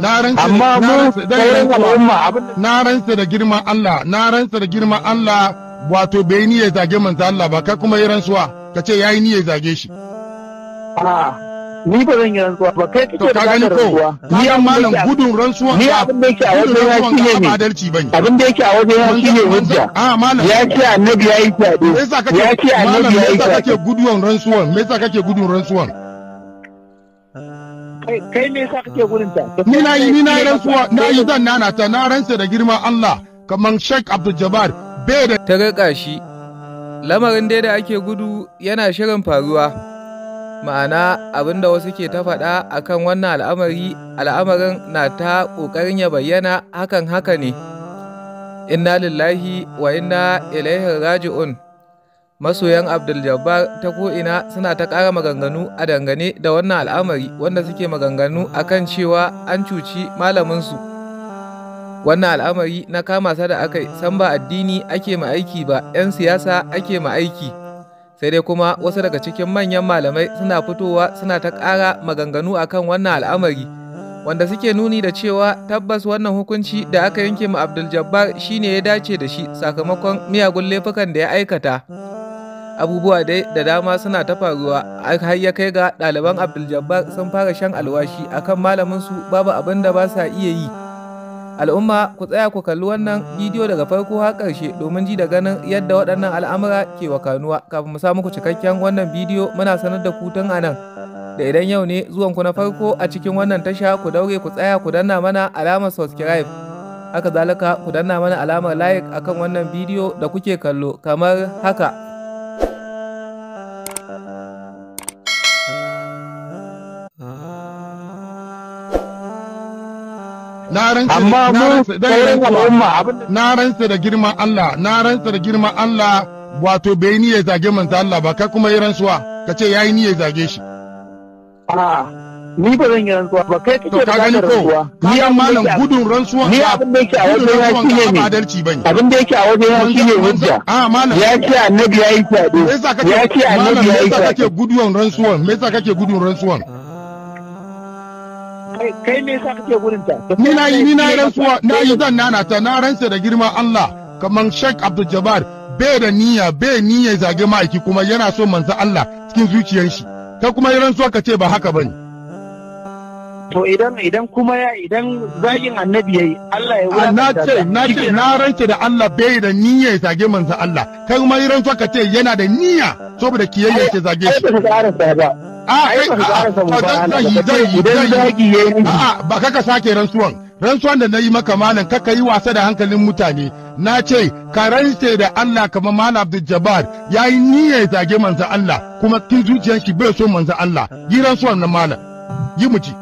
Na mu sauran al'umma na ransa da girman Allah na ransa da girman Allah wato bai ni zage manzo Allah ba kai kuma yi rantsuwa ka ce yayi ni ya zage shi ni ba zan yi rantsuwa ba kai kake da gani ko ni amma nan gudun rantsuwa ni abin da yake a waje ya shine ni? adalci bane abin da yake a wajen ya shine hujja a malam ya ce annabi yayi fadi ya ce annabi yayi fadi me yasa kake gudun rantsuwan me yasa kake gudun rantsuwan kai ta da girma Allah Sheikh rika shi lamarin dai da ake gudu yana shirin faruwa ma'ana abinda wasu ke ta faɗa a kan wannan al'amari al'amarin na ta ƙoƙarin ya bayyana hakan haka ne inna lillahi wa inna ilaihi raji'un masoyan abdul jabbar ta ko'ina suna ta ƙara maganganu a dangane da wannan al'amari wanda suke maganganu a kan cewa an cuci malaminsu wannan al'amari na kama sa da aka san ba addini ake ma aiki ba 'yan siyasa ake ma aiki sai dai kuma wasu daga cikin manyan malamai suna fitowa suna ta ƙara maganganu a kan wannan al'amari wanda suke nuni da cewa tabbas wannan hukunci da aka yanke ma abdul jabbar ne ya dace da shi sakamakon miyagun laifukan da ya aikata. abubuwa dai da dama suna ta faruwa har ya kai ga ɗaliban abdul-jabbar sun fara shan alwashi akan malaminsu babu abin da ba sa iya yi al'umma ku tsaya ku kalli wannan bidiyo daga farko har ƙarshe domin ji da ganin yadda waɗannan al'amura ke wakanuwa kafin mu samu ku cikakken wannan bidiyo muna sanar da ku tun anan da idan yau ne zuwanku na farko a cikin wannan tasha ku daure ku tsaya ku danna mana alamar subscribe haka zalika ku danna mana alamar like akan wannan bidiyo da kuke kallo kamar haka amma mu sauran al'umma na ransa da girman Allah na ransa da girman Allah wato bai ni ya zage manzo Allah ba kai kuma yi rantsuwa ka ce yayi ni ya zage shi a ni ba zan yi rantsuwa ba kai kake da gani ko ni amma nan gudun rantsuwa ni abin da yake a waje ya shine ne adalci bane abin da yake a waje ya shine hujja a ah, malam ya ce annabi yayi fado ya ce annabi yayi fado me yasa kake gudun rantsuwan me yasa kake gudun rantsuwan kai me yasa kake gurin ta ni na yi ni na yi rantsuwa na yi zan nana ta na rantsa da girman Allah kamar Sheikh Abdul Jabbar bai da niyya bai niyya zage ma'aiki kuma yana so manzo Allah cikin zuciyar shi kai kuma yi rantsuwa ka ce ba haka bane to idan idan kuma ya idan zagin annabi yayi Allah ya wuce na ce na ce na rantsa da Allah bai da niyya zage manzo Allah kai kuma yi rantsuwa ka ce yana da niyya saboda kiyayya ce zage shi Ah, ba kaka ah, ah, sake rantsuwan rantsuwan da na yi maka malam kaka yi wasa da hankalin mutane na ce ka rantse da Allah kamar malam Abdul ya yi niyyar ya zage manzan Allah kuma kin zuciyar shi bai so manzan Allah yi rantsuwan na malam yi mu ci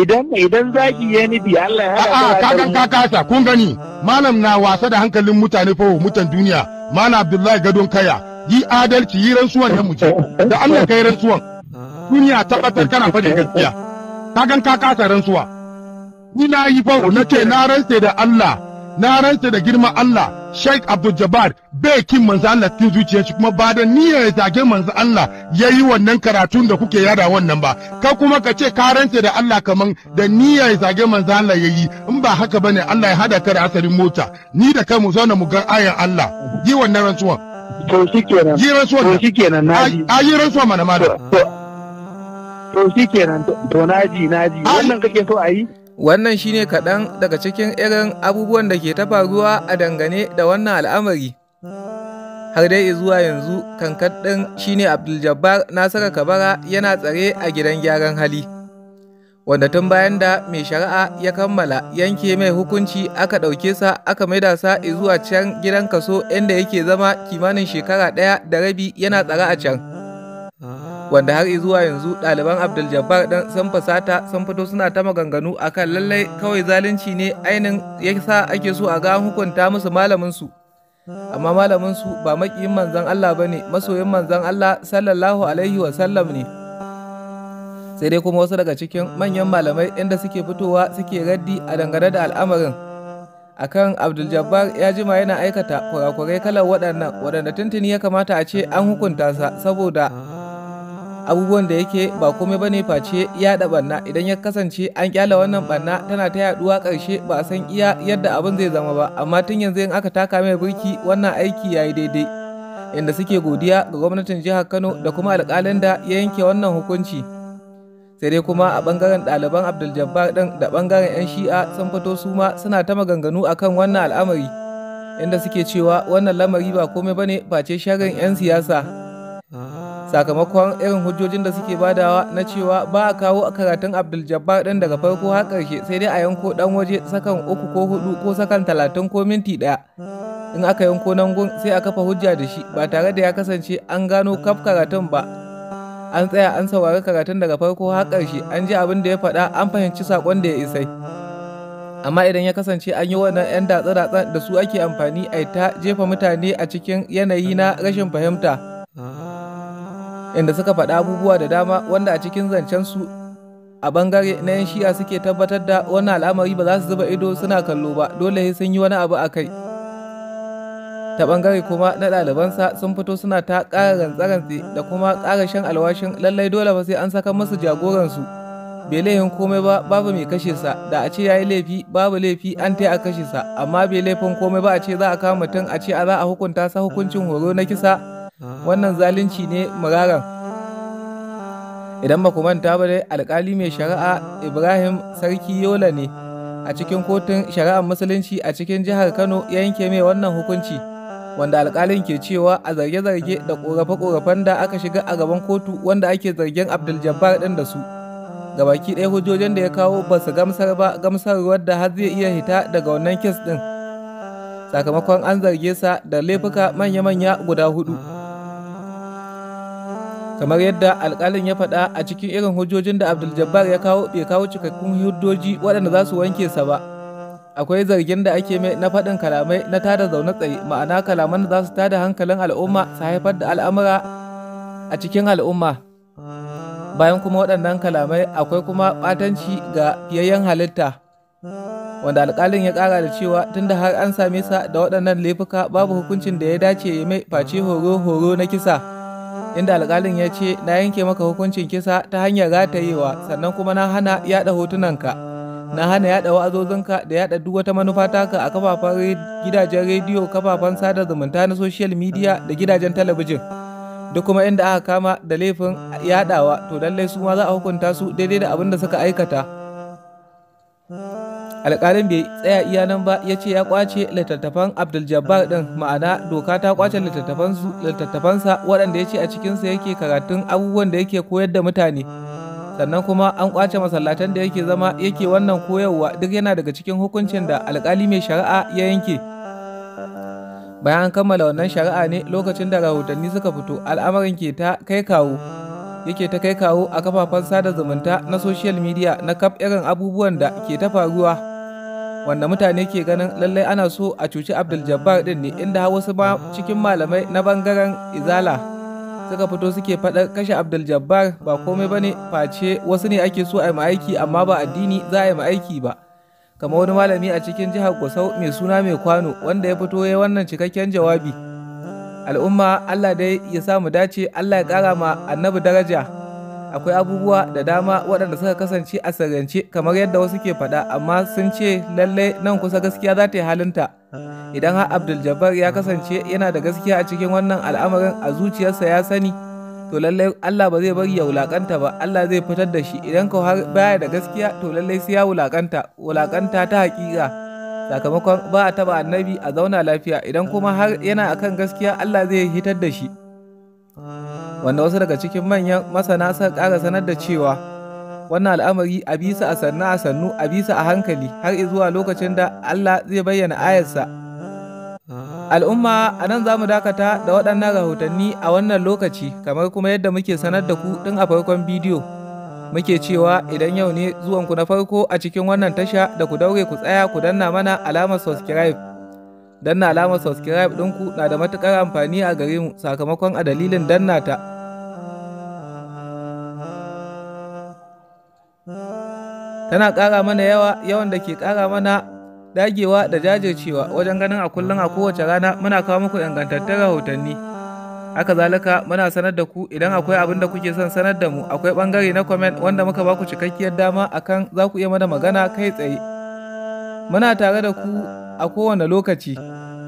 idan idan zagi ya bi Allah ya a'a kakan ka kasa kun gani malam na wasa da hankalin mutane fa mutan duniya malam Abdullahi Gadon Kaya yi adalci yi rantsuwan ya mu ci da Allah kai rantsuwan duniya tabbatar kana faɗi gaskiya ka gan ka kasa rantsuwa ni na yi bau na ce na rantse da Allah na rantse da girma Allah Sheikh Abdul Jabbar bai kin manzo Allah cikin zuciyar kuma ba da niyyar ya zage manzo Allah yayi wannan karatun da kuke yada wannan ba ka kuma ka ce ka rantse da Allah kaman da niyyar ya zage manzo Allah yayi in ba haka bane Allah ya hada ka da asalin mota ni da kai mu zauna mu ga ayan Allah yi wannan rantsuwan to shikenan yi rantsuwan to shikenan na yi rantsuwa mana malam to shi kenan to naji naji wannan kake so a yi wannan shine kaɗan daga cikin irin abubuwan da ke ta faruwa a dangane da wannan al'amari har dai zuwa yanzu kankan ɗin shine abdul-jabbar nasara kabara yana tsare a gidan gyaran hali wanda tun bayan da mai shari'a ya kammala yanke mai hukunci aka ɗauke sa aka maida sa zuwa can gidan kaso inda yake zama kimanin shekara ɗaya da rabi yana tsare a can. wanda har zuwa yanzu ɗaliban abdul jabbar dan san fasata sun fito suna ta maganganu akan lallai kawai zalunci ne ainin sa ake so a ga hukunta musu malaminsu amma malaminsu ba makiyin manzon Allah ba ne masoyin manzan Allah sallallahu alaihi wa ne sai dai kuma wasu daga cikin manyan malamai inda suke fitowa suke raddi a dangane da al'amarin akan abdul jabbar ya jima yana aikata kurakurai kalar waɗannan waɗanda tuntuni ya kamata a ce an hukunta sa saboda abubuwan da yake ba komai bane face yaɗa banna idan ya kasance an kyala wannan banna tana ta yaduwa karshe ba a san iya yadda abin zai zama ba amma tun yanzu in aka taka mai birki wannan aiki yayi daidai inda suke godiya ga gwamnatin jihar Kano da kuma alƙalin da ya yanke wannan hukunci. sai dai kuma a bangaren ɗaliban abdul-jabbar ɗin da bangaren 'yan shi'a sun fito su ma suna ta maganganu akan wannan al'amari inda suke cewa wannan lamari ba komai bane face sharin 'yan siyasa sakamakon irin hujjojin da suke badawa na cewa ba a kawo a karatun abdul jabbar ɗin daga farko har ƙarshe sai dai a yanko ɗan waje sakan uku ko hudu ko sakan talatin ko minti ɗaya in aka yanko nan gun sai a kafa hujja da shi ba tare da ya kasance an gano kaf karatun ba an tsaya an saurari karatun daga farko har ƙarshe an ji abin da ya faɗa an fahimci saƙon da ya isa. amma idan ya kasance an yi wannan 'yan datsa-datsa da su ake amfani a ta jefa mutane a cikin yanayi na rashin fahimta inda suka faɗa abubuwa da dama wanda a cikin zancen su a bangare na yan shi'a suke tabbatar da wannan al'amari ba za su zuba ido suna kallo ba dole sun yi wani abu a kai ta bangare kuma na ɗalibansa sun fito suna ta ƙara rantsarantse da kuma ƙara shan alwashin lallai dole ba sai an saka musu jagoransu bai laifin komai ba babu mai kashe sa da a ce yayi laifi babu laifi an tai a kashe sa amma bai laifin komai ba a ce za a kama mutum a ce a za a hukunta sa hukuncin horo na kisa wannan zalunci ne muraran idan ba ku manta ba dai alkali mai shari'a ibrahim sarki yola ne a cikin kotun shari'ar musulunci a cikin jihar kano yanke mai wannan hukunci wanda alkalin ke cewa a zarge-zarge da korafe-korafen da aka shiga a gaban kotu wanda ake zargin abdul jabbar din da su ga baki ɗaya hujjojin da ya kawo ba su gamsar ba gamsarwar da har zai iya hita daga wannan kes ɗin sakamakon an zarge sa da laifuka manya-manya guda hudu. kamar yadda alkalin ya faɗa a cikin irin hujjojin da abdul jabbar ya kawo bai kawo cikakkun hujjoji waɗanda za su wanke sa ba akwai zargin da ake mai na faɗin kalamai na tada zaune tsaye ma'ana kalaman da za su tada hankalin al'umma su haifar da al'amura a cikin al'umma bayan kuma waɗannan kalamai akwai kuma ɓatanci ga fiyayyen halitta wanda alƙalin ya ƙara da cewa tunda har an same sa da waɗannan laifuka babu hukuncin da ya dace ya mai face horo-horo na kisa inda alƙalin ya ce na yanke maka hukuncin kisa ta hanyar ratayewa sannan kuma na hana yaɗa hotunanka na hana yaɗa wa'azozinka da yaɗa duk wata manufa taka a kafafen gidajen rediyo kafafen sada zumunta na social media da gidajen talabijin duk kuma inda aka kama da laifin yaɗawa to lallai su ma za a hukunta su daidai da abin da suka aikata alƙalin bai tsaya iya nan ba ya ce ya kwace littattafan abdul jabbar din ma'ana doka ta kwace littattafansa waɗanda ya ce a cikinsa yake karatun abubuwan da yake koyar da mutane sannan kuma an kwace masallatan da yake zama yake wannan koyarwa duk yana daga cikin hukuncin da alƙali mai shari'a ya yanke bayan an kammala wannan shari'a ne lokacin da rahotanni suka fito al'amarin ke ta kai kawo yake ta kai kawo a kafafen sada zumunta na social media na kaf irin abubuwan da ke ta faruwa wanda mutane ke ganin lallai ana so a cuci abdul jabbar din ne inda wasu ba cikin malamai na bangaren izala suka fito suke faɗar kashe abdul jabbar ba komai bane face wasu ne ake so a yi aiki amma ba addini za a yi aiki ba kamar wani malami a cikin jihar Kosau mai suna mai kwano wanda ya fito ya wannan cikakken jawabi al'umma allah dai ya sa mu dace allah ya ƙara ma annabi daraja akwai abubuwa da dama waɗanda suka kasance a sarrance kamar yadda wasu ke faɗa amma sun ce lallai nan kusa gaskiya za ta yi halinta idan har abdul jabbar ya kasance yana da gaskiya a cikin wannan al'amarin a zuciyarsa ya sani to lallai allah ba zai bari ya wulakanta ba allah zai fitar da shi idan ka har baya da gaskiya to lallai sai ya wulakanta wulakanta ta haƙiƙa sakamakon ba a taba annabi a zauna lafiya idan kuma har yana akan gaskiya allah zai hitar da shi wanda wasu daga cikin manyan masana suka ƙara sanar da cewa wannan al'amari a bisa a sannu a sannu a bisa a hankali har zuwa lokacin da Allah zai bayyana ayarsa. Al'umma a nan za mu dakata da waɗannan rahotanni a wannan lokaci kamar kuma yadda muke sanar da ku ɗin a farkon bidiyo. Muke cewa idan yau ne zuwanku na farko a cikin wannan tasha da ku daure ku tsaya ku danna mana alamar subscribe. danna alamar subscribe ɗinku na da matuƙar amfani a gare mu sakamakon a dalilin danna ta tana ƙara mana yawa yawan da ke ƙara mana dagewa da jajircewa wajen ganin a kullum a kowace rana muna kawo muku ingantattun rahotanni haka zalika muna sanar da ku idan akwai abin da kuke son sanar da mu akwai ɓangare na comment wanda muka baku cikakkiyar dama akan za ku iya mana magana kai tsaye muna tare da ku a kowane lokaci